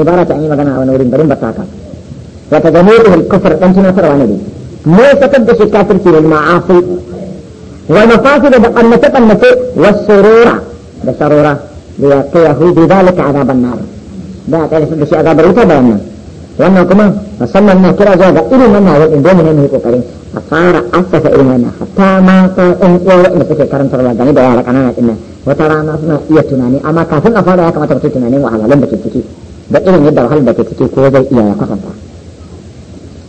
ibara ta an yi magana a wani wurin barin bataka wata ga mutu kufar dan tunatarwa ne dai mai sakar da shi kafirci ne ma'afi wani mafasid da qannata qannata sarora da sarora da ya kai yahudi zalika azaban nar da a kai da shi azabar wuta da wannan wannan kuma musamman na kira zuwa ga irin wannan wadin dole ne mu yi ƙoƙarin a fara assasa irin wannan ma ta ɗan uwa waɗanda suke karantarwa game da yara ƙanana ɗin nan wata rana suna iya tunani amma kafin a fara ya kamata mutum tunanin wahalhalun da ke ciki da irin yadda wahalar da ke ciki ko zai iya ya kwatanta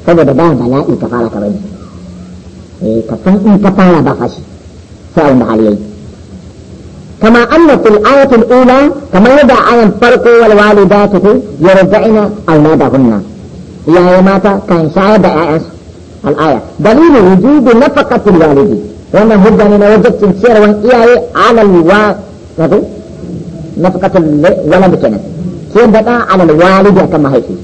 saboda ba bala'i ka fara ka bari eh ka san in ka fara ba fashi sai abin da hali yayi كما أن في الآية الأولى كما يدعى عن الفرق والوالدات يرجعن أولادهن يا ماتا كان شاهد الآية دليل وجوب نفقة الوالد وأنا هدى من وجدت الشير وإياه على الوا نفقة الولد كانت sai da ɗa alal walidi akan mahaifi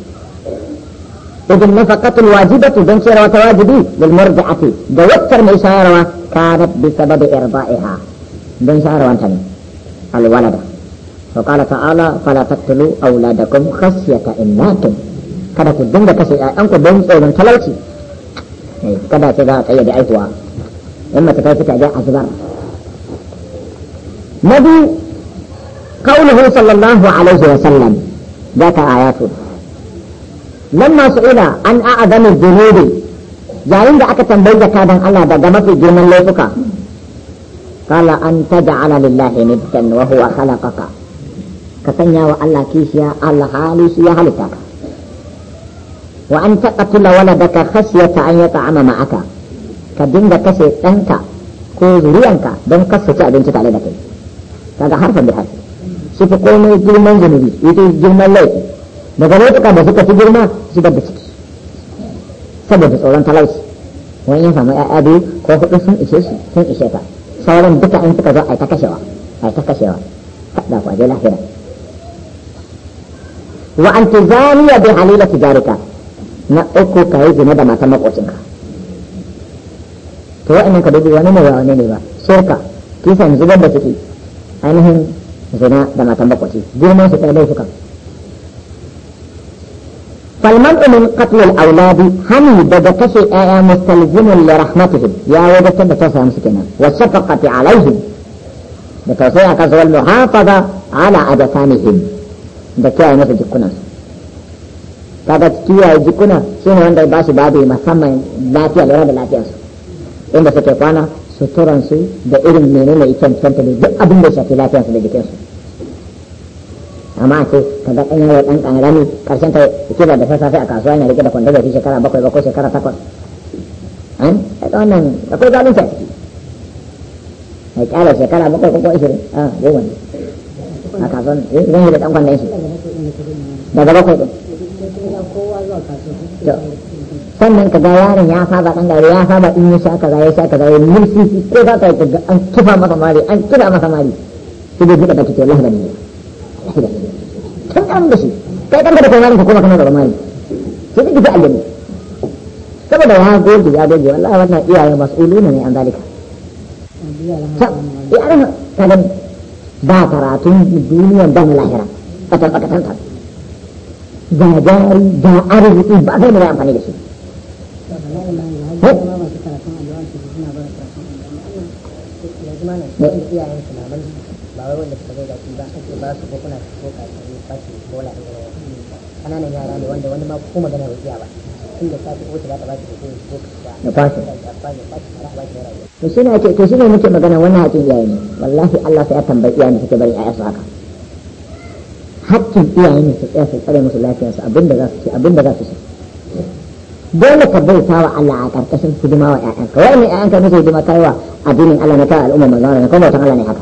idan nafaqatul wajibatu dan ciyarwa ta wajibi lil murdi'ati da wakkar mai shayarwa kanat bi sababi irba'iha dan shayarwa ta ne al walada fa qala ta'ala fala taqtulu awladakum khashyata innakum kada ku dinga kashe ƴaƴanku don tsoron talauci eh, kada ce za a kayyade aihuwa in mace ta fita ga azbar na biyu قوله صلى الله عليه وسلم ذات آيات لما سئل عن أعظم الذنوب yayin da aka tambayi jakadan Allah daga mafi girman laifuka kala an taj'ala lillahi niddan wa huwa khalaqaka ka sanya wa Allah kishiya Allah hali ya halitta ka wa an taqatula waladaka khashyata an yata'ama ma'aka ka dinga kashe ɗanka ko zuriyanka don kasu ci abinci tare da kai kaga harfan bihar su komai girman zunubi ita girman laifi daga laifuka da suka fi girma su da ciki saboda tsoron talauci wani yin samu ya'ya biyu ko hudu sun ishe su sun ishe ka sauran duka in suka zo a ta kashewa a ta kashewa kaɗa ku aje lahira wa an ta tuzaniya bi halila tijarika na uku ka yi zina da matan makocinka to wa'annan ka dubi wani ne wani ne ba sirka kisan zubar da ciki ainihin zina da matan bakwaci girman su ɗaya laifukan فالمنع من قتل الأولاد هم بدكش آية مستلزم لرحمتهم يا ودك بتوسع مسكنا والشفقة عليهم بتوسع كسر المحافظة على أجسامهم بكي مثل جكنا kaga kiyaye jikuna shi ne wanda ba shi babu musamman lafiya lura da lafiyarsu inda suke kwana suturansu da irin menene ikan kyanta ne duk abin da shafi lafiyarsu da jikinsu amma ce ka ga ɗan yaro ɗan ƙarami ƙarshen ta kila da sassafe a kasuwa yana rike da kwando bai fi shekara bakwai ba ko shekara takwas an ta wannan akwai zalunci a ciki mai ƙyala shekara bakwai ko ishirin ah, a goma ne a eh, kasuwan zan yi da ɗan kwandon shi daga bakwai ɗin sannan ka ga yaron ya saba ɗan gari ya saba ɗin ya sha kaza ya sha kaza ya mulki ko za ka yi an kifa masa mari an kifa masa mari sai dai buɗe baki to lahadani ne lahadani kan an da shi kai kan da kai ka kuma kana da ramani sai kike aljanu saboda ya goge ya goge wallahi wannan iyaye mas'uluna ne an zalika ya ana kaga ba karatun duniyan ban lahira katan katan katan ga jari ga arziki ba amfani da shi ba wai wanda suka da ba su ko kuna ko fashi bola da kananan yara ne wanda wani ma ko magana ba iya ba tun da safi ko ta ba shi ko ko ya fashi ya fashi ya fashi ya rayu to shine ake to shine muke magana wannan hakin iyaye ne wallahi Allah sai ya tambayi iyaye suke bari ayyasu haka hakkin iyaye ne su tsaya su tsare musu lafiyarsu abinda za su ci abinda za su ci dole ka bauta wa Allah a ƙarƙashin hidima wa ƴaƴanka wai ne ƴaƴanka musu hidima kai addinin Allah ne kai al'umma manzo ne kuma wata Allah ne haka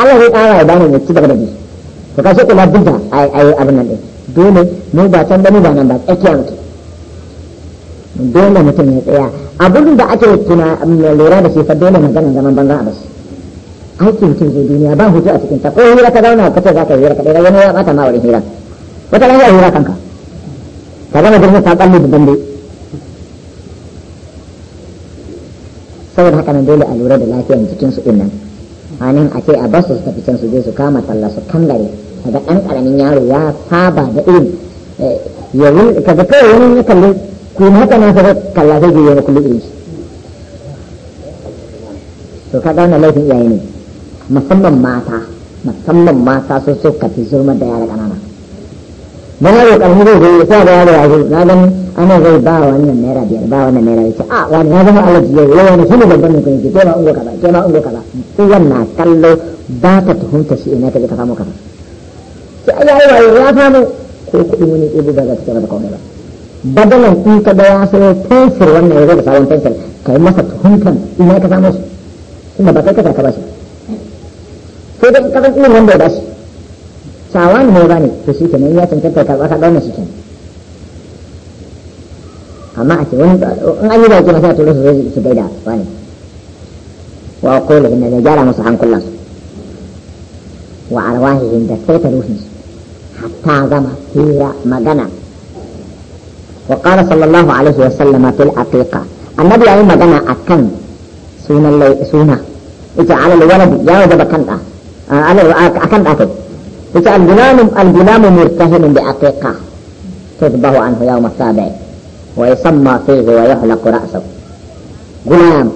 Allah zai tsara ya bani ya ci gaba da bi to ka kula duka a yi abin nan ɗin dole mu ba can da ba nan ba tsakiya muke dole mutum ya tsaya abin da ake tuna mm, lura da shi fa dole maganin zaman banza a bashi aiki mutum zai duniya ba hutu a cikin ta ko hira ta zauna ka ce za ka hira ka ɗaya wani ya bata ma wani hira wata lafiya hira kanka ka gama girma ta kalli da dambe saboda haka nan dole a lura da lafiyar jikinsu ɗin nan a nan a ce a basu su tafi can su je su kama talla su kan gare kaga ɗan ƙaramin yaro ya saba da irin eh, yawon kaga kawai wani ya kalli ku ma na sa kalla zai je yana kullum irin to kaga wannan laifin iyaye ne musamman mata musamman mata su suka fi zurma da yara ƙanana. Don yaro ƙarfi zai zo ya sa da yaro ya zo na gani ana zai ba wannan naira biyar ba wannan naira ce a wani na zama alaji yau yau wani shine babban mutum yake ke ma ungo kaza ke ma ungo kaza uwan na kallo ba ta tuhunta shi ina ga ka samu kaza sai ai ai wai ya samu ko kudi wani ibu ba za ta tsara da kawai ba badalan in ka da ya sayo fensir wannan ya zama sabon fensir kai masa tuhuntan ina ka samu shi kuma ba kai ka ka ba shi sai dai ka san irin wanda ya ba shi shawan ne ba ne to shi kenan ya cancanta karɓa ka ɗauna shi kenan amma a cikin wani in an yi baki masu turo su zai su gaida wani wa kola inda zai gyara musu hankulan su wa arwahihin da sai ta ruhin su hatta zama hira magana wa qala sallallahu alaihi wa sallama fil aqiqa annabi yayi magana akan sunan lai suna ita alal walad ya wajaba kan da ah, alal akan da kai ita al-gunamu al-gunamu murtahinun bi aqiqa تذبح عنه يوم السابع ويسمى فيه ويحلق رأسه غلام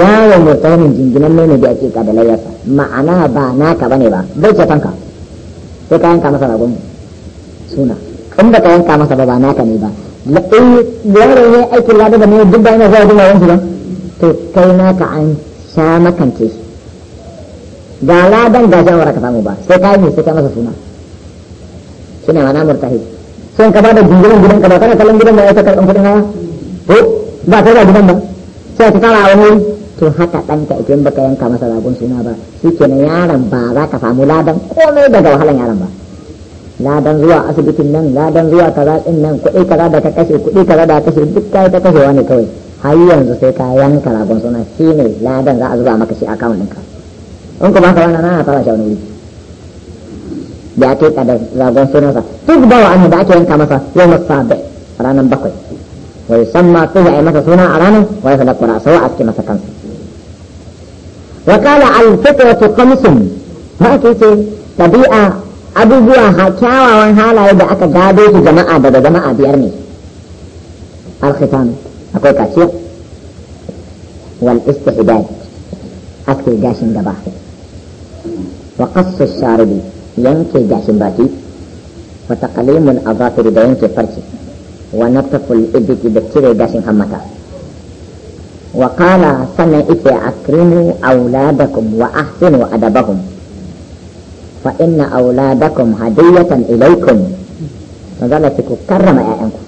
يا ومتان جنجنان ne da ake kadalai yasa ma'ana ba naka bane ba bai ce tanka sai ka yanka masa ragon suna in ba ka yanka masa ba ba naka ne ba yaro ne aikin lada da ne duk da yana zuwa duma yanzu ba to kai naka an sha makance shi ga ladan ga shawara ka samu ba sai ka yi sai ka masa suna shine ma'ana murtahi. sun ka bada jinjirin gidan ka ba kana kallon gidan da ya ta kan kuɗin hawa ko ba kai ba gidan ba sai ka kara wani to haka ɗanka idan baka yanka masa ragon suna ba shi kenan yaran ba za ka samu ladan komai daga wahalan yaran ba ladan zuwa asibitin nan ladan zuwa kaza din nan kuɗi kaza da ka kashe kuɗi kaza da ka kashe duk kai ta kashe wani kawai har yanzu sai ka yanka ragon suna shine ladan za a zuba maka shi a account ɗinka in kuma haka wannan na fara shawarwari da ya tsada da ragon sunansa duk bawa annu da ake yanka masa yau masabe ranar bakwai wa san tuhu a yi masa suna a ranar wa ya sadaka ra sau a cikin masa kansu wa kala alfitratu khamsun ma ake ce tabi'a abubuwa kyawawan halaye da aka gado su jama'a daga jama'a biyar ne alkhitan akwai kaciya wal istihdad aske gashin gaba wa qassu sharibi yanke gashin baki wa taqlimul azafir da yanke farce wa nataful ibiki da cire gashin hammata wa qala sannan ite akrimu auladakum wa ahsinu adabahum fa inna auladakum hadiyatan ilaykum manzala ce ku karrama ƴaƴanku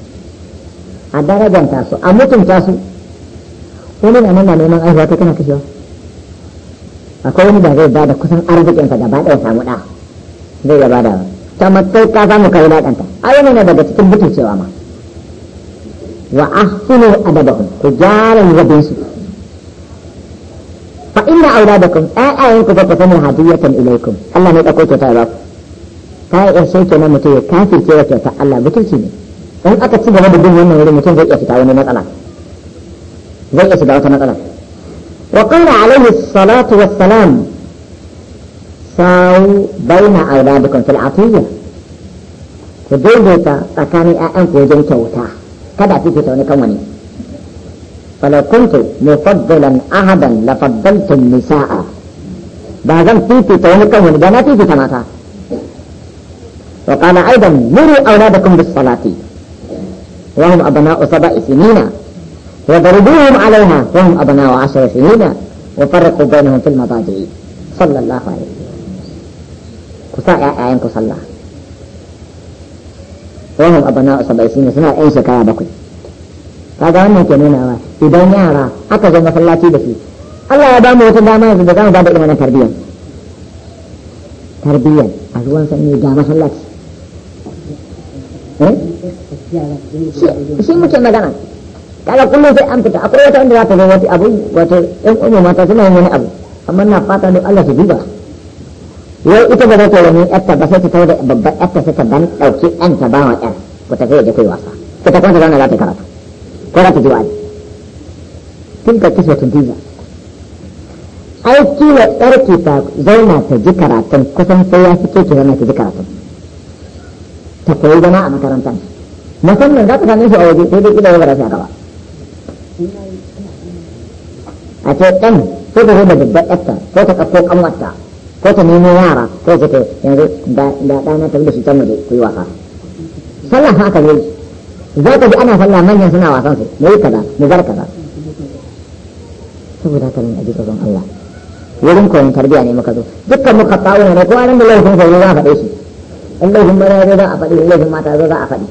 a darajanta su a mutunta su wani na nan neman aihuwa ta kana kashewa akwai wani da zai ba da kusan arzikinsa gaba ɗaya samu ɗaya zai ya bada ta matsayi ka samu da wulaƙanta a yana daga cikin cewa ma wa ahsinu adabakum ku gyara zabin su fa inna auladakum ayyan ku ba sanin hadiyatan ilaikum Allah ne dako ta ba ta yi sai nan mutum ya kafirce wata kyauta Allah butulci ne in aka ci gaba da bin wannan wurin mutum zai iya fita wani matsala zai iya shiga wata matsala wa qala alaihi salatu wassalam ساو بين أولادكم في العطية كدير بيتا فكان الآن في جنك وتا كذا في كتوني كوني فلو كنت مفضلا أحدا لفضلت النساء بازم في كتوني كوني بنا في كتوني وقال أيضا مروا أولادكم بالصلاة وهم أبناء سبع سنين وضربوهم عليها وهم أبناء عشر سنين وفرقوا بينهم في المضاجع صلى الله عليه وسلم ku sa ƴaƴayen ku sallah wahum abana usabai shine suna ƴan shekara bakwai kaga wannan ke nuna wa ah. idan yara aka ah. zo masallaci da su Allah ya bamu eh? wata dama yanzu da za mu ba da irin wannan tarbiyyar tarbiyyar a ruwan sanyi ga masallaci shi muke magana kaga kullum sai an fita akwai wata inda za ta zo wata abu wata 'yan umu mata suna yin wani abu amma na fata da Allah su duba wai ita ba za ta wani yarta ba sai ta kawo da babban yarta sai ta ban ɗauki ɗan ta ba wa kai wasa ta kwanta zauna za ta karatu ko za ta ji wa'azi tun ka kisa tun biza aiki wa tsarki ta zauna ta ji karatun kusan sai ya fi keke zauna ta ji karatun ta koyi zama a makarantar musamman za ta same shi a waje sai dai idan ya bara shi a gaba a ce ɗan sai ta zo da babban yarta ko ta ɗauko ƙanwarta ko ta nemo yara ko ta ce yanzu da ɗana ta da shi can waje ku yi wasa sallah haka ne za ka ji ana sallah manyan suna wasan su mai kaza mu bar kaza saboda haka nan a ji tsoron Allah wurin koyon tarbiyya ne muka zo dukkan muka tsawo ne ko anan da laifin sai za a faɗe shi in laifin mara zai za a faɗi in laifin mata zai za a faɗi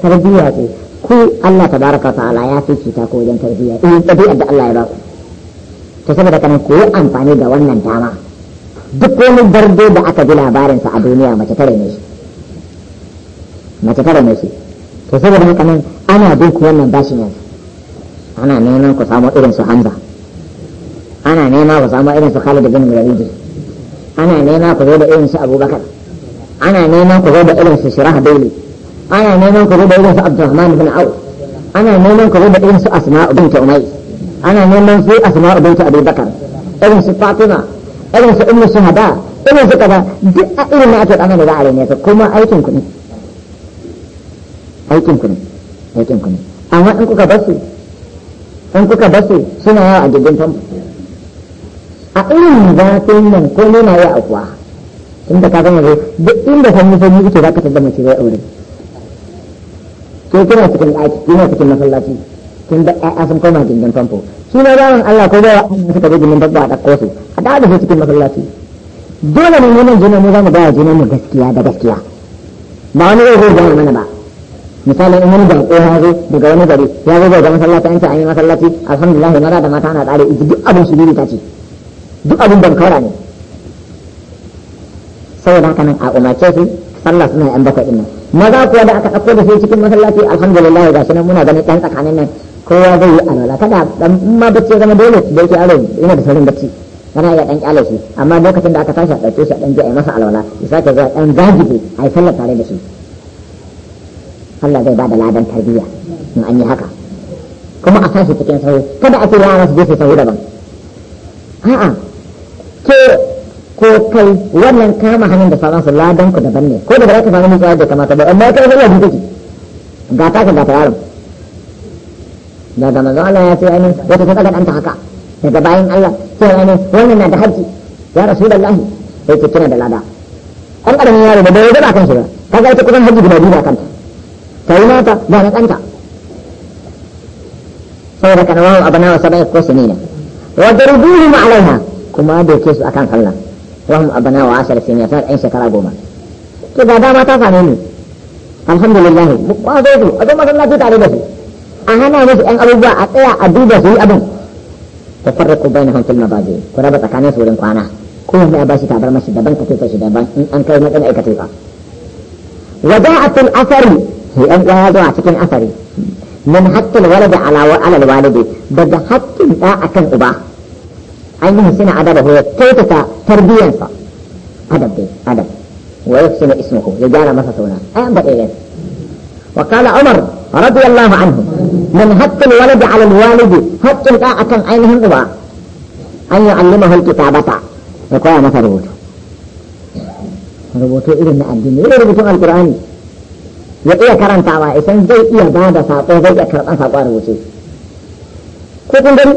tarbiyya ce ku Allah ta ta ala ya fi ta ko wajen tarbiyya eh ɗabi'ar da Allah ya ba ku ta saboda kana ku yi amfani da wannan dama duk wani bardo da aka ji labarinsa a duniya mace tare ne shi mace tare ne shi to saboda haka nan ana bin ku wannan bashin yanzu ana neman ku samu irin su hamza ana nema ku samu irin su khalid bin walid ana nema ku zo da irin su abubakar ana nema ku zo da irin su shirah daili ana neman ku zo da irin su abdurrahman bin au ana neman ku zo da irin su asma'u bint umay ana neman su asma'u bint abubakar irin su fatima irin su ummu shahada irin su kaza duk a irin na ake tsammanin za a rene ka kuma aikin ku ne aikin ku ne aikin ku ne amma in kuka basu in kuka basu suna yawa a jirgin famfo a irin zafin nan ko nuna a kuwa tun da ka zama zai duk inda sanyi sanyi ita za ka tada mace zai aure ke kina cikin ɗaki kina cikin masallaci tun da ɗaya sun koma jirgin famfo shi na bawan Allah ko bawa Allah suka bi jinin babba a ɗakko su a dawo da su cikin masallaci dole ne wannan jinin mu za mu gaya jinin mu gaskiya da gaskiya ba wani zai zai gaya mana ba misali in wani baƙo ya zo daga wani gari ya zo daga masallaci an ce an yi masallaci alhamdulillah mara da mata ana tsare duk abin su ta ce duk abin ban kawara ne saboda haka nan a umarce su sallah suna yan bakwai ɗin nan maza kuwa da aka ɗauko da su cikin masallaci alhamdulillah ga shi nan muna ganin ɗan tsakanin nan kowa zai yi alwala kada dan ma bacci zama dole da yake aro yana da saurin bacci kana ya dan kyale shi amma lokacin da aka tashi a ɗauke shi a dan je a masa alwala ya sake zuwa dan gajibi a yi sallar tare da shi Allah zai ba ladan tarbiyya in an yi haka kuma a tashi cikin sauri kada a ce yara su je su sauri daban a'a ke ko kai wannan kama hannun da sauransu ladan ku daban ne ko da ba za ka fara mutuwa da kamata ba amma kai zai yi jiki ga ta ka ga ta yaron daga manzo Allah ya ce ainihin wata ta kadan anta haka daga bayan Allah ce ainihin wannan na da haji ya rasulullahi sai ce kina da lada an karamin yaro da bai gaba kan shi ba kaga ita kusan haji guda biyu kanta ta yi mata ba na kanta sai da kanawa abana wa sabai ko sinina wa darubuhum alaiha kuma da ke su akan sallah wahum abana wa ashar sinina sai ɗan shekara goma to da dama ta same ni alhamdulillah mu kwazo su a zo masallaci tare da su a hana musu yan abubuwa a tsaya a duba su yi abin tafarraku bainahum fil mabaji ku raba tsakanin su wurin kwana ko wanda ya bashi tabar mashi daban ka tuka shi daban in an kai matsayin aikata ba wa ja'atul asari sai an ya zuwa cikin asari min haqqil waladi ala wa ala walidi daga haqqin da akan uba an yi sina adabahu ya kyautata tarbiyansa adab dai adab wa yafsina ismuhu ya gyara masa suna ayan baɗe wa qala umar رضي الله عنه من حق الولد على الوالد حق طاعة عينهم أبا أن يعلمه الكتابة يقول مثلا ربوته rubutu irin na addini irin rubutun alkur'ani ya iya karantawa isan zai iya ba da saƙo zai iya karɓar saƙo a rubuce ko kun gani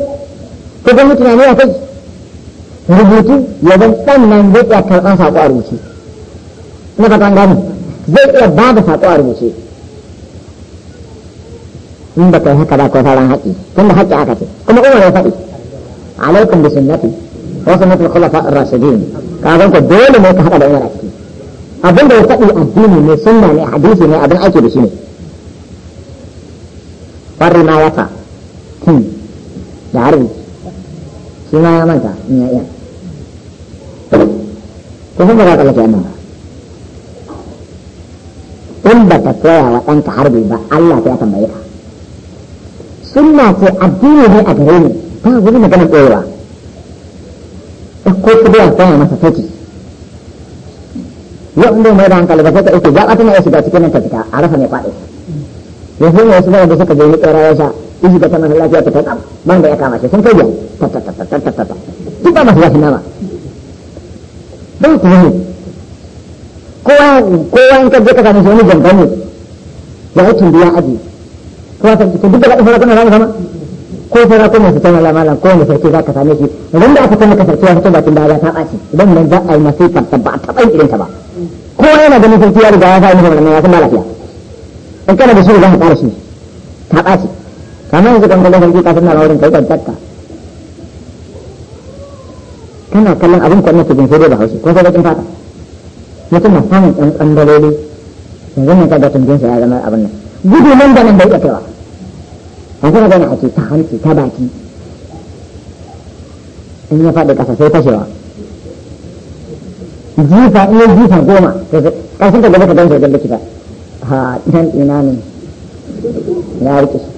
ko gani tunani a kai rubutu ya zan sannan zai iya karɓar saƙo a rubuce na zai iya bada da a rubuce in ba kai haka ba ko sauran haƙi tunda aka ce kuma umar ya faɗi alaikum bi sunnati wa sunnatul khulafa ar-rashidin ka ga ko dole ne ka haɗa da umar a ciki abin da ya faɗi addini ne sunna ne ne abin ake da shi ne farri ma hmm da harbi shi ma ya ya iya ko kuma ba ka lafiya nan in ba ka harbi ba Allah ya tambaye sunna ce addini ne a gare ni ba wani maganar ɗorewa ɗauko su biya tsaya masa mai da hankali ba sai ka a tana shiga cikin nan a mai wasu da suka je ni ɗora ya sha in shiga ta lafiya ta ban da ya kama shi sun kai ya aji kuma ka duk da fara sarakuna za sama ko sarakuna su tana lamalan ko wani sarki za ka same shi idan da aka kama ka sarki ya fito bakin da ya ta ɓaci idan nan za a yi masifar ta ba a taɓa irin ta ba ko yana ganin sarki ya riga ya sa musu wannan ya san ba lafiya in kana da shi za ka ƙara shi ta ɓaci kamar yanzu kan kallon sarki ka san na wurin kai kan takka kana kallon abin kwanan cikin sai dai da hausa. ko sai bakin fata mutum na samun ɗan ɓangarori yanzu ne ka ga tunjinsa ya zama abin nan gudu nan da nan bai iya kaiwa an kuma gana ake ta hanci ta baki in ya faɗi ƙasa sai fashewa jifa in yi jifa goma ƙarshen ta gaba ta gan jirgin da kifa ha nan ina ne ya rike shi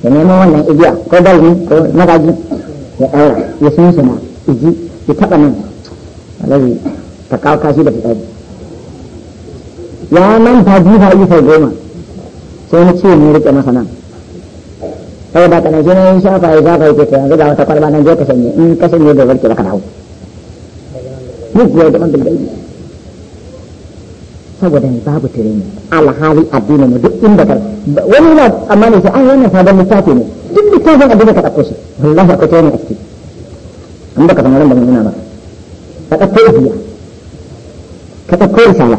ya neman wannan igiya ko galmi ko magaji ya ɗaura ya sun suna iji ya taɓa nan alaji ta kawo kashi da fitari ya manta jifa yi sau goma sai na ce ne rike masa nan sai da kana na yin shafa ya zafa yake ta yanzu ga wata kwalba nan zai ka shanye in ka shanye da zarki da kadawo duk yau da wanda bilgai saboda ne babu ne alhali addini mu duk inda ka wani ba amma ne sai an wannan sabon littafi ne duk littafin addini ka ɗauko shi wallahi akwai tireni a ciki an baka san wurin da mun nuna ba ka ɗauko ibiya ka ɗauko risala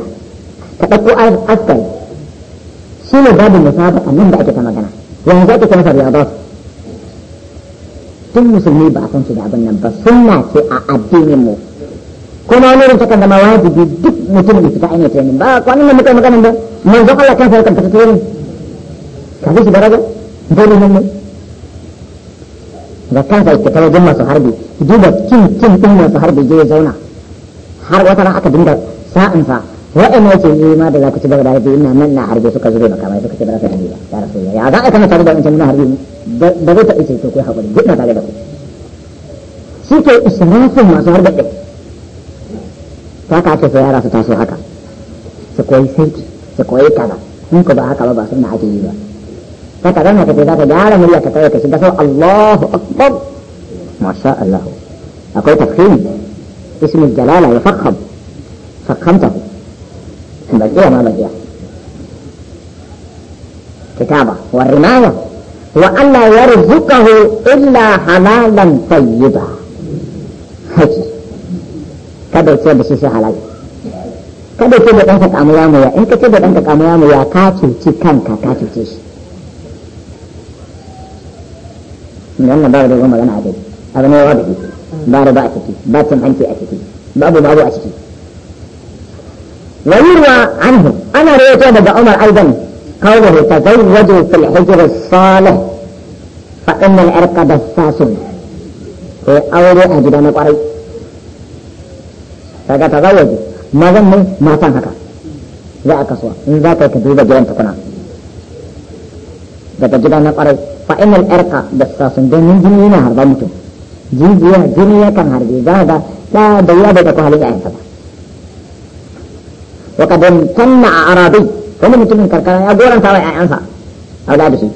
ka ɗauko askan shi ne babin musabaka nan da ake ta magana yanzu ake ta masa riyadatu tun musulmi ba a san shi da abin nan ba sunna ce a addinin mu kuma wani rin takan zama wajibi duk mutum da fita ainihin training ba kwanan nan muka magana ba manzo Allah kansa yakan fita training ka ji shi da rago dole ne da kansa yake ta wajen masu harbi duba kin kin din masu harbi je zauna har wata ran aka dinga sa'ansa وأنا وجه ما بذا كتب على دي إن من نعرف سوك زوجي بكما يسوك كتب على فرنجي يا رسول الله يا ذا أكما تريد أن تمنع هذه بغيت أجي توكي حقولي جدنا بالي بكو سيكو إسرافه ما صار بكت فاكا كيفو يا رسول تاسو حقا سكوي سيكي سكوي كذا نكو بها كلا باسم نعجي يبا فاكا رانا كتبا تجعل مليا كتبا كتبا سو الله أكبر ما شاء الله أقول تفخيم اسم الجلالة يفخم فخمته bakiya ma bakiya kitaba wa rimaya wa Allah ya rizukahu illa halalan tayyiba haji kada ce da shi shi halal kada ce da ɗanka kamu in ka ce da ɗanka kamu ka cuci kanka ka cuce shi wannan ba da dogon magana a dai abu ne wa ba da ba a ciki ba cin a ciki babu babu a ciki ويروى عنه أنا رواية بدا عمر أيضا قوله تزوجوا في الحجر الصالح فإن العرق دساس هو أول أجد أنا قريب فقد تزوجوا ما ظن ما تنهك لا سوى إن ذاك كذوب جلن تكنا daga gida na kwarai fa inal irqa da sasun domin jini yana harba mutum jijiya jini yakan harbe za ga da da ya da ko halin ayyuka وقد امتنع أراضي wani mutumin karkara ya goranta wa ‘ya'yansa a da shi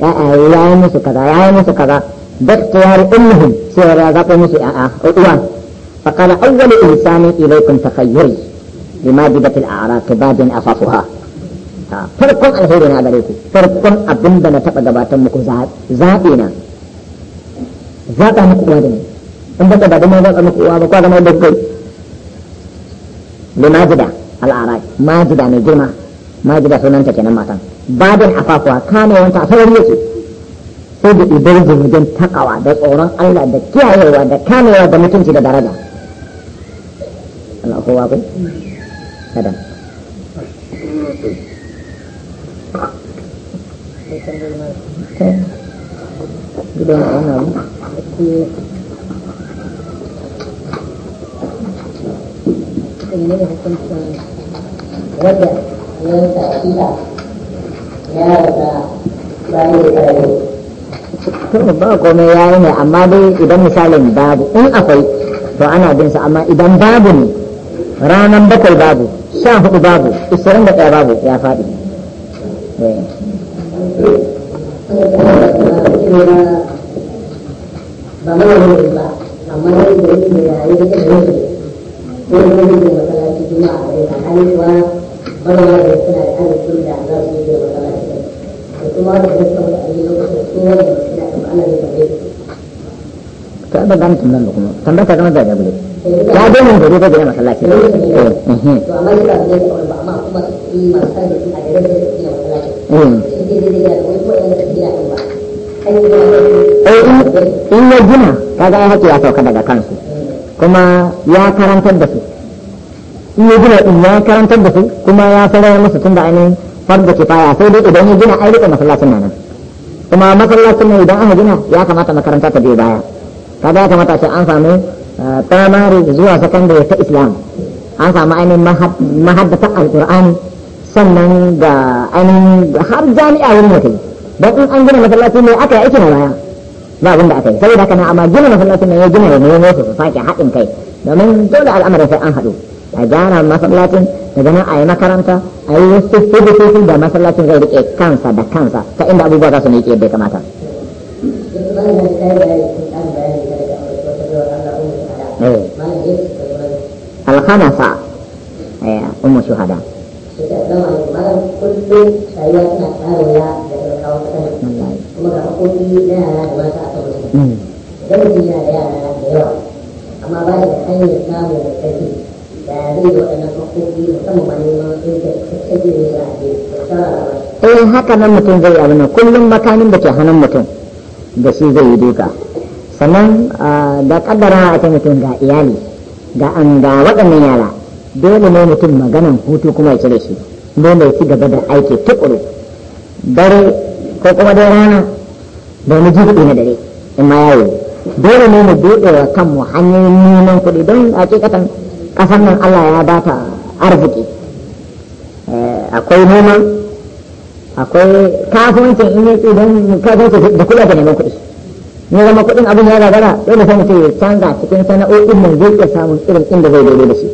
ya yi musu kaza ya yi musu kaza da tsayar ummuhum sai ya zaɓo musu ‘ya'ya uwa فقال أول إنسان إليكم تخيري بما بدت الأعراق باد أصافها farkon alheri na gare ku farkon abin da na taɓa gabatar muku zaɓe na zaɓa muku uwa da ni in ba ta ba da ma zaɓa muku uwa ba kwa zama da kai da majida al'arai majida mai girma majida sunanta kenan matan babin afafuwa kana wanta asalin yake sai da idan zurgin takawa da tsoron Allah da kiyayewa da kamewa da mutunci da daraja Allah kowa ku kada Thank you. cikin yin hukuncin wanda ya yi tafiya ya riga bayan da kuma ba komai ya yi ne amma dai idan misalin babu in akwai to ana bin sa amma idan babu ne ranar bakwai babu sha hudu babu isirin da ɗaya babu ya faɗi eh. ba ma ba amma da yi da wani eh, wani masalaci masallaci juma'a da ya hali kuwa wani wani suna da arzikin da za su yi masallaci da kuma da suka mutu a yi lokacin su wani da ana yi da ta da gani nan da kuma tambaya ta gama da da bude ya dai mun gobe da masallaci to amma shi ba da ba amma kuma yi masu kan da suna da da masallaci shi da da da da in ya gina kaga ya haƙi ya sauka daga kansu kuma ya karantar da su in ya gina din ya karantar da su kuma ya sanar musu tun da ainihin farda kifaya sai dai idan ya gina ai rika masallacin nan kuma masallacin nan idan aka gina ya kamata makaranta ta biyu baya kaga ya kamata ce an samu eh, primary zuwa secondary ta islam an samu ainihin mahaddatan alqur'ani sannan ga ainihin har jami'a wurin mutum don in an gina masallaci ne aka yi aikin baya ba abin aka yi saboda haka na amma gina masallacin nan ya gina ya nemo su su sake haɗin kai domin dole al'amarin sai an haɗu a gyara masallacin da nan a yi makaranta a yi wasu hidikokin da masallacin zai riƙe kansa da kansa ta inda abubuwa za su ne yadda ya kamata. Eh. alhamasa eh, umu shuhada. Malam kullum rayuwa tana karewa da kawo kuma ga haƙoƙi na yara da mata a kan mutum idan mutum yana da yara da yawa amma ba da hanyar samun ƙarfi da zai da waɗannan haƙoƙi musamman ma neman inda kake ne da ake da eh haka nan mutum zai abu nan kullum makamin da ke hannun mutum da shi zai yi duka sannan ah, da kaddara a ce mutum ga iyali ga an ga waɗannan yara dole ne mutum maganan hutu kuma ya cire shi dole ya ci gaba da aiki tukuru dare ko kuma dai rana wani jiki na dare in ma yawo dole ne mu bude wa kanmu hanyoyin neman kuɗi don a hakikatan ƙasar nan Allah ya ba ta arziki eh, akwai noma akwai kasuwancin in yake don kasuwanci da kula da neman kuɗi ne zama kuɗin abin ya gagara dole sai mutum ya canza cikin sana'o'in nan zai iya samun irin inda zai daidai da shi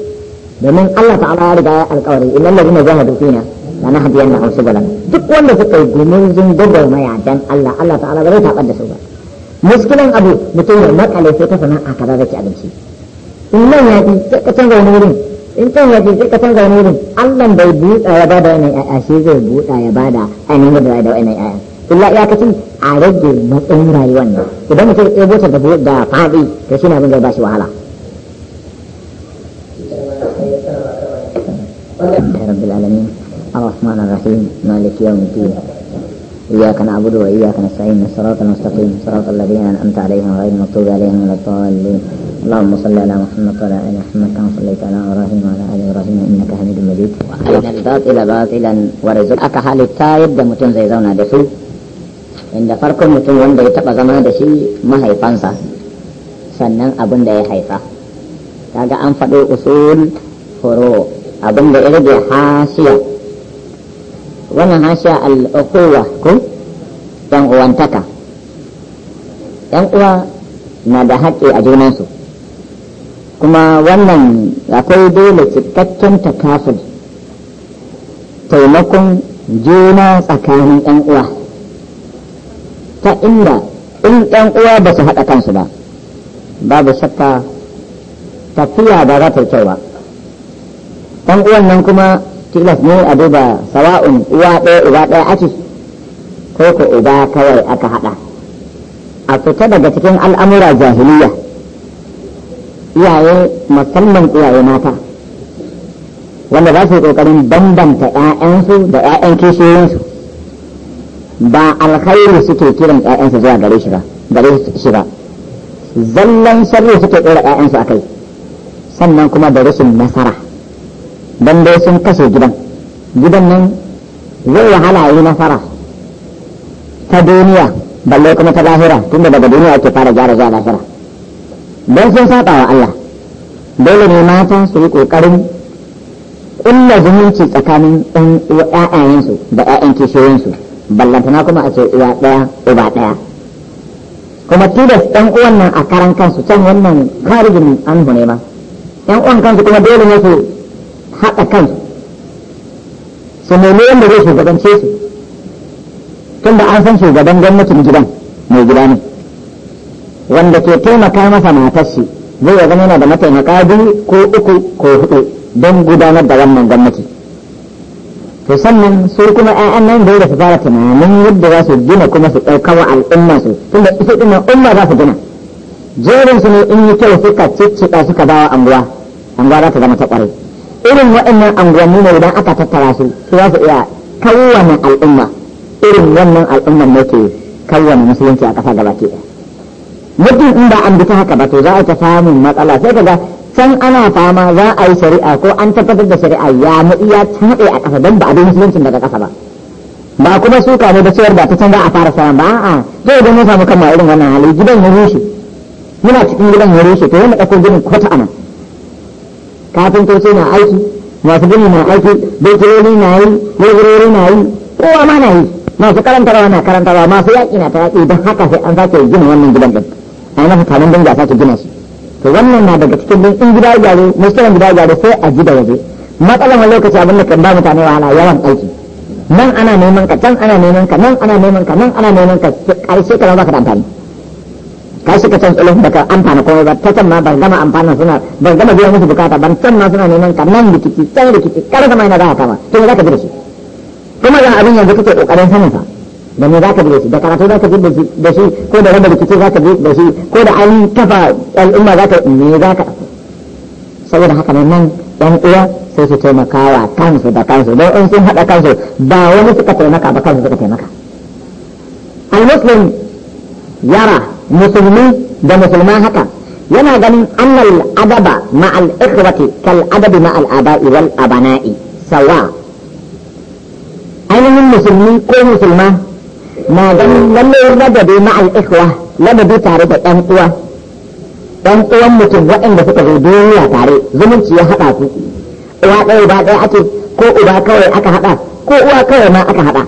domin Allah ta'ala ya riga ya alƙawari illal ladina zama fina wani hadiyan na hausu galan duk wanda suka yi gumurzun gwagwarmaya dan Allah Allah ta'ala ba zai taɓar da su ba muskilan abu mutum ya makale sai ta sana'a kaza zaki abinci in nan ya ji sai ka canza wani wurin in can ya ji sai ka canza wani wurin Allah bai buɗa ya da wani yaya shi zai buɗa ya bada ainihin da da wani yaya illa iyakacin a rage matsayin rayuwar nan idan mutum ya bota da da faɗi to shi na abin zai ba shi wahala الحمد لله الرحمن الرحيم مالك يوم الدين إياك نعبد وإياك نستعين الصراط المستقيم صراط الذين أنعمت عليهم غير المغضوب عليهم ولا الضالين اللهم صل على محمد وعلى آل محمد كما صليت على إبراهيم وعلى آل إبراهيم إنك حميد مجيد وأرنا الباطل باطلا ورزق حال التايب ده mutum زي زونا da عند فرق farkon mutum wanda ya taba zama da shi mahaifansa sannan abin da ya haifa kaga an faɗo usul horo abin wannan hasha al'ukuwa ko yan uwantaka yan uwa na da haƙƙi a junansu kuma wannan akwai dole cikakken kafin taimakon juna tsakanin yan uwa ta inda in yan uwa ba su haɗa kansu ba babu shakka tafiya ba za ta kyau ba ɗan uwan nan kuma tilas ne a duba sawa'un uwa ɗaya uba ɗaya ake ko ko uba kawai aka haɗa a fita daga cikin al'amura jahiliya iyaye musamman iyaye mata wanda za su yi ƙoƙarin bambanta 'ya'yansu da 'ya'yan kishiyoyinsu ba alkhairi suke kiran 'ya'yansu zuwa gare shi ba gare shi ba zallan sharri suke ɗora 'ya'yansu a kai sannan kuma da rashin nasara dan dai sun kashe gidan gidan nan zai wahala yi fara ta duniya balle kuma ta lahira tunda daga duniya ake fara gyara zuwa lahira don sun saba wa Allah dole ne mata su yi kokarin ƙulla zumunci tsakanin ɗan ƴaƴayensu da ƴaƴan kishiyoyinsu ballantana kuma a ce uwa ɗaya uba ɗaya kuma tilas ɗan uwan nan a karan kansu can wannan kharijin an ne ma ɗan uwan kansu kuma dole ne su haɗa kai su nemi wanda zai shugabance su tun an san shugaban gwamnatin gidan mai gida ne wanda ke taimaka masa matarsu zai ya zama yana da mataimaka biyu ko uku ko hudu don gudanar da wannan gwamnati to sannan su kuma ƴaƴan nan dole su fara tunanin yadda za su gina kuma su ɗauka wa al'umma su tunda ita ɗin umma za su gina jerin su ne in yi kyau suka ciccika suka bawa anguwa anguwa za ta zama ta ƙwarai irin waɗannan anguwanni ne idan aka tattara su su za su iya kawwana al'umma irin wannan al'umman ne ke kawwana musulunci a ƙasa gaba ke mutum in ba an bi ta haka ba to za a ta samun matsala sai kaga can ana fama za a yi shari'a ko an tabbatar da shari'a ya mutu ya taɓe a ƙasa don ba a bi musuluncin daga ƙasa ba ba kuma suka ne da cewar da ta canza a fara samun ba a'a zai idan mun samu kama irin wannan hali gidan ya rushe muna cikin gidan ya rushe to yana ɗauko gidan kwata a nan kafintoci na aiki masu gini na aiki dokiloli na yi murgurori na yi kowa ma na yi masu karantarwa na karantarwa masu yaƙi na ta don haka sai an sake gina wannan gidan ɗin a yi masa taron don ya sake gina su to wannan na daga cikin din in gida gyare muskilan gida gyare sai a ji da waje matsalar wani lokaci abin da kan ba mutane wahala yawan aiki nan ana neman ka can ana neman ka nan ana neman ka nan ana neman ka ƙarshe ka ba ka da kai ka can tsulun ka amfana komai ba ta can ma ban gama amfana suna ban gama biyan musu bukata ban can ma suna neman ka nan rikici can rikici kar zama yana za ka kama to za ka ji shi kuma zan abin yanzu kake kokarin sanin sa da me za ka ji shi da karatu za ka ji da shi ko da raba rikici za ka ji da shi ko da an kafa al'umma za ka me za ka saboda haka nan yan uwa sai su taimakawa kansu da kansu don in sun haɗa kansu ba wani suka taimaka ba kansu suka taimaka al-muslim yara musulmi da musulman haka yana ganin annal adaba ma'al ikhwati kal adabi ma'al aba'i wal abana'i sawa ainihin musulmi ko musulma na ganin lallai ladabi ma'al ikhwa ladabi tare da ɗan uwa ɗan uwan mutum waɗanda suka zo duniya tare zumunci ya haɗa su uwa ɗaya uba ɗaya ake ko uba kawai aka haɗa ko uwa kawai ma aka haɗa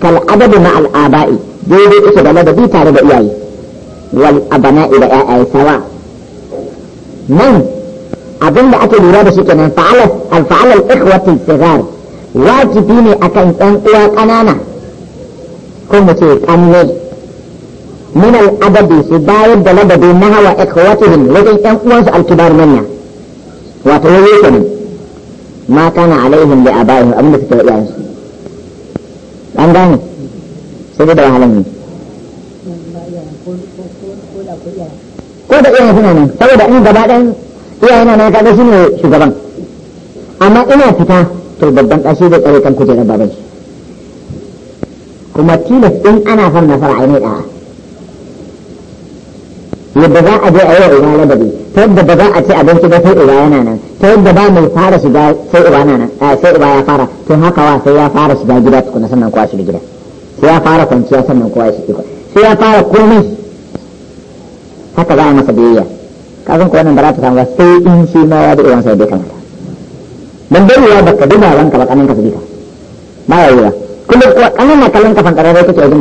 kal adabi ma'al aba'i daidai ita da ladabi tare da iyaye wal abana ila iyaye sawa nan abin da ake lura da shi kenan fa'alas al fa'alal ikhwati sigar wajibi ne akan ɗan uwa ƙanana ko mu ce ƙanne min al adabi su bayar da ladabi na hawa ikhwatihim wajen ɗan uwansu al kibar manya wato yayi kenan ma kana alaihim li abaihim abin da suke iyayensu an gane sai da wahalar ne ko da iyaye suna nan saboda in gaba ɗayan iyayen na kaga shi ne shugaban amma ina fita to babban ƙashi zai tsare kan kujerar baban shi kuma tilas ɗin ana son nasara a yi ɗaya yadda za a je a yi wa uba ladabi ta yadda ba za a ci abinci ba sai uba yana nan ta yadda ba mai fara shiga sai uba eh, ya fara to haka wa sai ya fara shiga gida tukuna sannan kwashi da gida sai ya fara kwanciya sannan kowa ya shiga sai ya fara komai haka za a masa biyayya kafin ko wannan ba za ta samu ba sai in shi ma ya da uwansa yadda kamata dan bai ba baka duba ka ba kanin ka su ba ya yiwa kuma kuwa kanin na kallon kafan kararrai kake wajen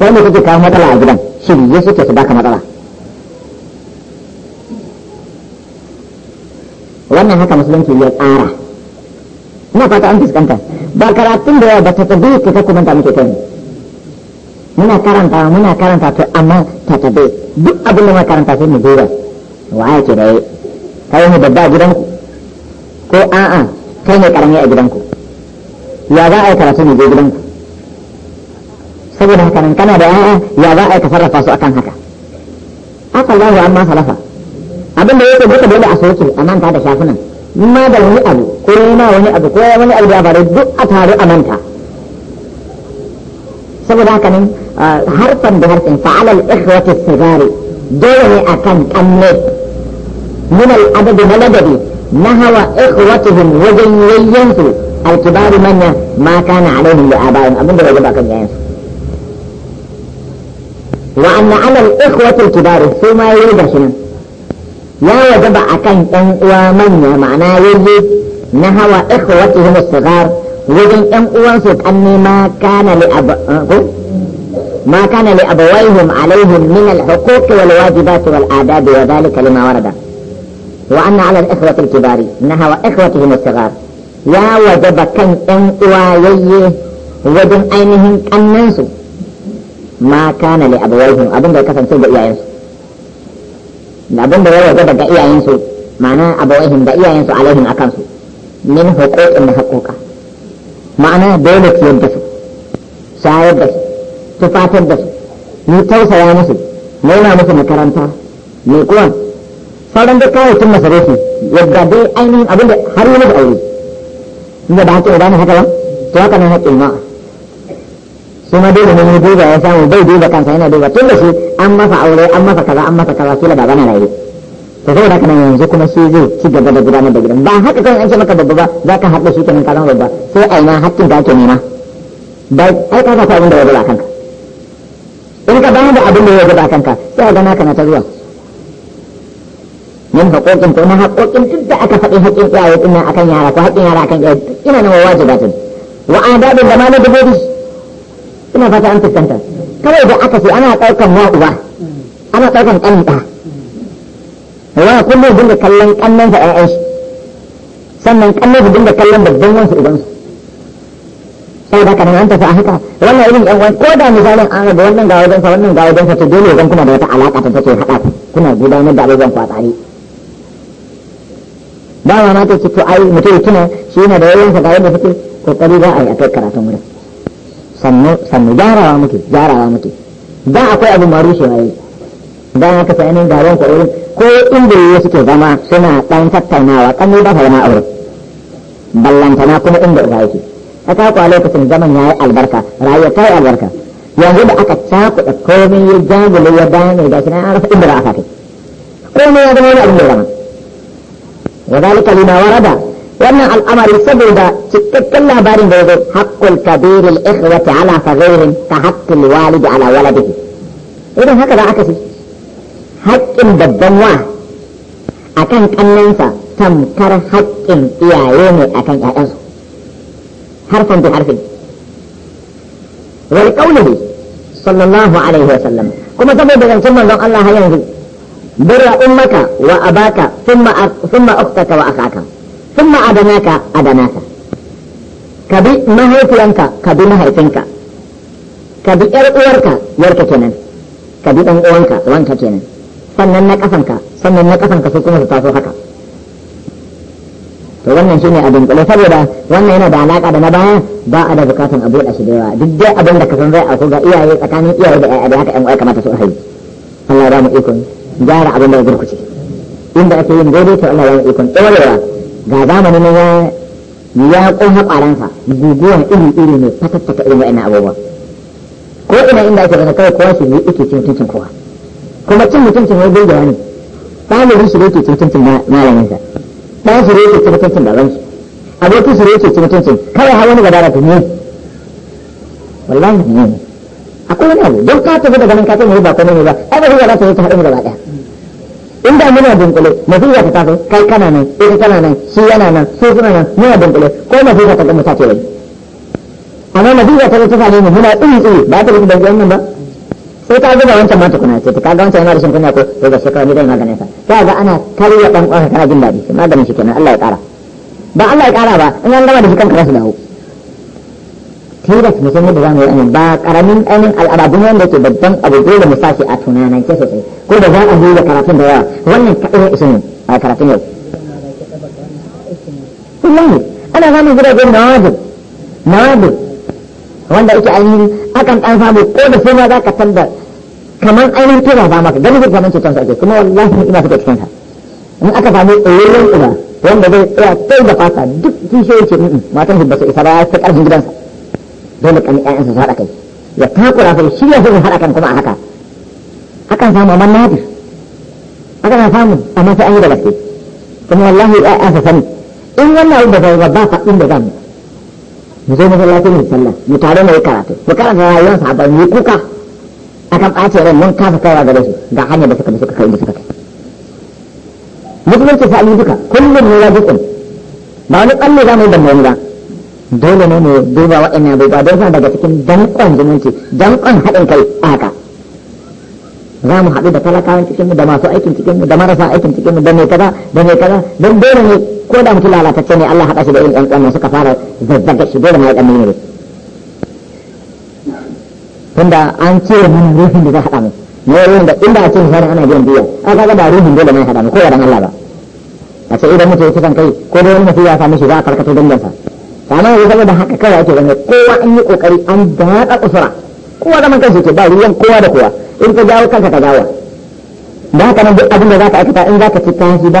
sai ne kake kawo matsala a gidan shirye suke su baka matsala wannan haka musulunci ya tsara ina fata an fuskanta ba karatun da yawa ba ta tabi ka ta kuma da muke kai muna karanta muna karanta to amma ta tabi duk abin da muka karanta sai mu duba waye ke da yi kai ne babba a gidanku ko a'a kai ne karami a gidanku ya za a yi karatu ne je gidanku saboda haka nan kana da 'a'a ya za a yi ka sarrafa su akan haka haka Allah amma salafa abin da ya yake duka dole a soke a nan ta da shafunan ma da wani abu ko yi ma wani abu ko wani abu da faru duk a taru a manta saboda haka nan harfan da harfin fa'alal ikhwati sigari dole ne akan kanne min al adadi na ladabi na hawa ikhwatihim wajen yayyansu alkibari manya ma kana alaihim da abayin abin da rage bakan yayansu wa anna alal ikhwati kibari su ma yayi gashi nan ya wajaba akan ɗan uwa manya ma'ana yayye na hawa ikhwatihim as-sighar wajen ɗan uwansu kanne ma kana li ما كان لأبويهم عليهم من الحقوق والواجبات والآداب وذلك لما ورد وأن على الإخوة الكبار نهوى إخوتهم الصغار يا وجب كان إن ويي وجن أينهم أننسوا ما كان لأبويهم أبن كفن سوف إياه da abin da ya waje daga iyayensu ma'ana abawahim da iyayensu alaihim a kansu min hukukin da haƙoƙa ma'ana dole ciyar da su shayar da su tufatar da su ni tausaya musu nuna musu makaranta mai kuwan sauran tun kayayyakin rufi yadda dai ainihin abin da har yi musu aure inda da haƙƙin ba ne haka ba to haka ne haƙƙin ma'a kuma dole ne duba ya samu bai duba kansa yana duba tun da shi an masa aure an masa kaza an masa kaza kila baba na raye to saboda haka yanzu kuma shi zai ci gaba da gudanar da gidan ba haka kawai an ce maka babba ba za ka haɗa shi kenan kalan babba sai aina hakkin da ake nema ba ai ka fata abin da ya gaba kanka in ka bayar da abin da ya gaba kanka sai ka gana na ta zuwa min haƙoƙin ko na haƙoƙin duk da aka faɗi haƙƙin iyaye ɗin nan akan yara ko haƙƙin yara akan iyaye ina nan wajibatun wa adabin da ma na dubobi ina fata an fuskanta kawai da aka ce ana ɗaukan wa uba ana ɗaukan ƙanin ɗa wa kullum dinga kallon ƙannansa ƴaƴan shi sannan ƙannen su dinga kallon babban wansu sai da haka an tafi a haka wannan irin ƴan wani ko da misalin an rabu wannan ga wajensa wannan ga wajensa to dole zan kuna da wata alaƙa ta take haɗa kuna gudanar da abubuwan kwatsari ba ma ma ta ce to ai mutum tuna shi yana da yayin sa ga yadda suke kokari za a yi a kai karatun wurin sannu jarawa gyarawa muke gyarawa muke da akwai abu maru shi waye dan ya kasa yanayin gaban ku ko inda yake suke zama suna dan tattaunawa kan ba fa zama aure ballantana kuma inda uba yake ta kwa lokacin zaman ya yi albarka rayuwar ta yi albarka yanzu da aka cakuɗa komai ya jagule ya gane da shi na an rasa inda za a kai komai ya zama wani abin da zama zalika lima warada وأن الأمر سجد تكتك الله بارين بيضي حق الكبير الإخوة على صغير كحق الوالد على ولده إذا هكذا عكسي حق بالدموة أكان كان ننسى تم كر حق يا يومي أكان يا أزو حرفا بحرف ولقوله صلى الله عليه وسلم كما سبب بغن سمع الله الله ينزل بر أمك وأباك ثم أختك وأخاك ka adana ka أبناك أبناك كبي ka bi mahaifinka ka bi هي uwarka yarka kenan ka bi كبي أنقوانك وانك kenan sannan na kafanka sannan na kafanka su kuma su taso haka to wannan shine abin kula saboda wannan yana da alaka da na baya ba a da bukatan abu da shi da yawa duk dai abin da ka san zai auku ga iyaye tsakanin iyaye da iyaye da haka yan uwa kamata su hayi Allah ya ba mu ikon gyara abin da ya gurkuce inda ake yin daidai to Allah ya ba mu ikon tsawarewa ga zamani na ya ya ƙunshi ƙwaransa guguwa iri-iri ne fatattaka irin wa'annan abubuwa ko ina inda ake rasa kawai kowa shi ne yake cin mutuncin kowa kuma cin mutuncin ya bai wani ɗalibin shi ne yake cin mutuncin malaminsa ɗan shi ne yake cin mutuncin baban shi abokin shi ne yake cin mutuncin kawai har wani gadara ta ne wallahi ne akwai wani abu don ka tafi daga nan ka ce ne ba komai ne ba ai ba za ta yi ta haɗu gaba ɗaya in da muna dunkule ya ta taso kai kana nan ita kana nan shi yana nan su suna nan muna dunkule ko ya ta kuma ta ce wani amma ya ta ta same ne muna tsiri tsiri ba ta rufe dangi nan ba sai ta zuba wancan ma tukuna ce ta kaga wancan yana da shin kuna ko to ga shekara ne dai maganin sa ta ga ana karya dan kwana kana jin daɗi maganin shi kenan Allah ya kara ba Allah ya ƙara ba in an gama da shi kanka za su dawo tilas mu san da zamu yi ainihin ba karamin ainihin al'adu ne wanda yake babban abu dole mu sashi a ke sosai ko da za a zo da karatun da yawa wannan kaɗai ne a karatun yau. Kullum ana samun gidajen na nawajib wanda yake ainihin akan ɗan samu ko da sai ma za ka tabbar kamar ainihin tura ba maka gani zai zaman cutar sauke kuma wallahi ina fita cikin ta in aka samu tsoron ina wanda zai tsaya kai da fata duk kishiyoyi ce matan hibba su isa ba ya fi ƙarfin gidansa dole kan ƴaƴan su haɗa kai ya takura sai shi ya zai haɗa kan kuma a haka akan samu amma nadir akan samu amma sai an yi da gaske kuma wallahi ƴaƴan su sani in wannan abin da zai ba ba faɗin da zamu mu zo masallaci mu sallah mu tare mu yi karatu mu karanta rayuwar sahabbai mu kuka akan ɓace ran mun kasa kaiwa gare su ga hanyar da suka bi suka kai da suka kai musulunci sa'ali duka kullum ne ya jikin ba wani ƙallo za mu yi da mu ba dole ne mu duba waɗannan abubuwa don sa daga cikin danƙon zumunci danƙon haɗin kai haka za mu haɗu da talakawan cikinmu da masu aikin cikinmu da marasa aikin cikinmu da mai kaza da mai kaza don dole ne ko da mutum lalatacce ne Allah haɗa shi da irin ɗan ƙwannan suka fara zazzaga shi dole ma ya ɗan ne tunda an ce mun ruhin da za haɗa mu ne ruhin da inda a ce shi ana biyan biya a kaga ba ruhin dole mai haɗa mu ko dan Allah ba a ce idan mutum ya kisan kai ko da wani mutum ya samu shi za a karkato dangansa amma ya zama da haka kawai ake ganin kowa an yi kokari an daɗa kusura kowa zaman kansa ke ba ruwan kowa da kowa in ka jawo kanka ka gawa da haka nan duk abin da za ka aikata in za ka ci tashi ba